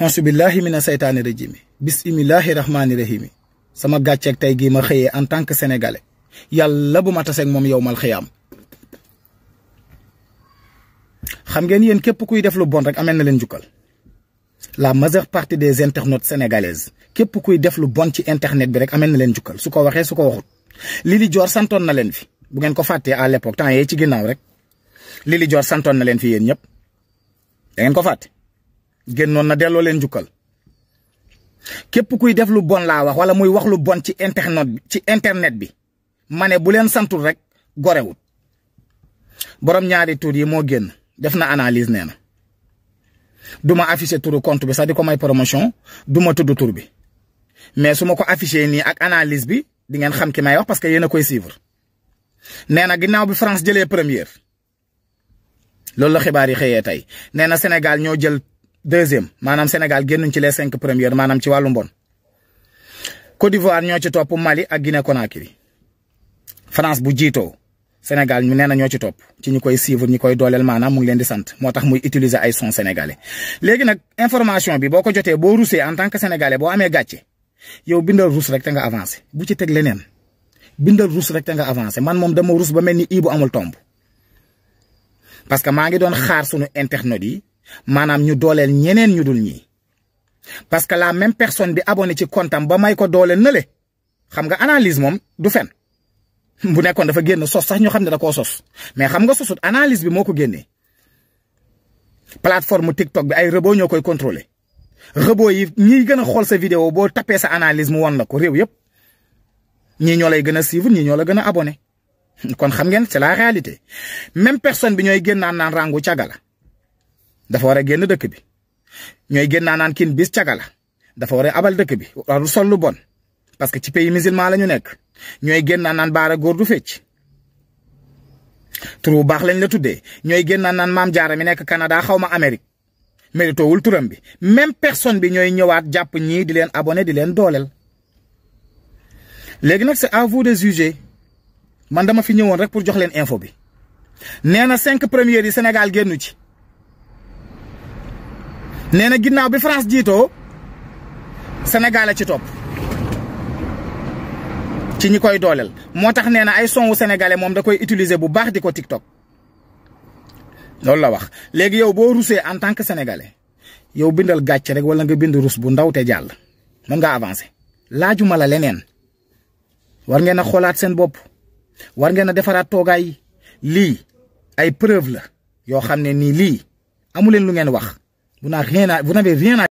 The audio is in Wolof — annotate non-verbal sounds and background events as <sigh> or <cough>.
xonsu billahi mina seytaani rajimi bisimilahi rahmaani rahimi sama gàcceeg tey gii ma xëyee en tant que sénégalais yàlla bu ma taseeg moom yow mal xiyaam xam ngeen yéen képp kuy def lu bon rek amel na leen jukkal la majeure partie des internautes sénégalaises képp kuy def lu bon ci internet bi rek amel na leen jukkal su ko waxee su ko waxut. Lili Dior santoon na leen fi bu ngeen ko fàttee à l'époque temps yee ci ginnaaw rek Lili Dior santoon na leen fi yéen ñëpp da ko fàtte. génnoon na delloo leen jukkal képp kuy def lu bon laa wax wala muy wax lu bon ci internet bi ci internet bi ma ne bu leen santul rek gorewut borom ñaari tur yi moo génn def na analyse nee na du ma affiché turu compte bi sax di ko may promotion duma tudd tur bi mais su ma ko affiché nii ak analyse bi di ngeen xam ki may wax parce que yéen a koy suivre nee na ginnaaw bi France jëlee première loolu la xibaar yi xëyee tey nee na Sénégal ñoo jël. deuxième Mme Sénégal génnuñ ci les 5 premières Manam ci Côte d'Ivoire ñoo ci top Mali ak Guinée Conakry France bu jito Sénégal ñu nee na ñoo ci top ci suivre koy di utiliser ay son information bi boko ko bo en tant que sénégalais bo amé gatché yow bindal rus rek nga avancer bu ci lenen bindal rek nga avancer man mom dama rus ba ni amul parce que ma ngi xaar maanaam ñu dooleel ñeneen ñu dul ñii parce que la même personne bi abonné ci kontam ba may ko dooleel na le xam nga analyse moom du fen bu nekkoon dafa génn sos sax ñu xam ne da koo sos mais xam nga sosut analyse bi moo ko génnee plateforme TikTok bi ay rebo ñoo koy contrôler rebo yi ñii gën a xool sa vidéo boo tapee sa analyse mu won la ko réew yëpp ñii ñoo lay gën a suivre ñii ñoo la gën a abonné <laughs> kon xam ngeen c'est la réalité même personne bi ñooy génnaan naan rangu cagala dafa war a génn dëkk bi ñooy génnaa naan kiin bis cagala dafa war a abal dëkk bi waru sol lu bon parce que ci pays musulman la ñu nekk ñooy génnaa naan baara góor du fecc turu baax lañ la tuddee ñooy génnaa naan maam jaara mi nekk Canada xaw ma Amérique méritoowul turam bi même personne bi ñooy ñëwaat jàpp ñii di leen abonné di leen dooleel. léegi nag c'est à vous de juger man dama fi ñëwoon rek pour jox leen info bi nee na cinq premières yi Sénégal génn ci. nee na ginnaaw bi France jiitoo Sénégal a ci top ci ñi koy dooleel moo tax nee na ay son wu moom da koy utiliser bu baax di ko TikTok loolu la wax léegi yow boo rusee en tant que sénégalais yow bindal gàcce rek wala nga bind rus bu ndaw te jàll mën ngaa avancer laajuma la leneen war ngeen a xoolaat seen bopp war ngeen a defaraat lii ay preuve la yoo xam ne nii lii amu leen lu ngeen wax. Una, rena, una bebena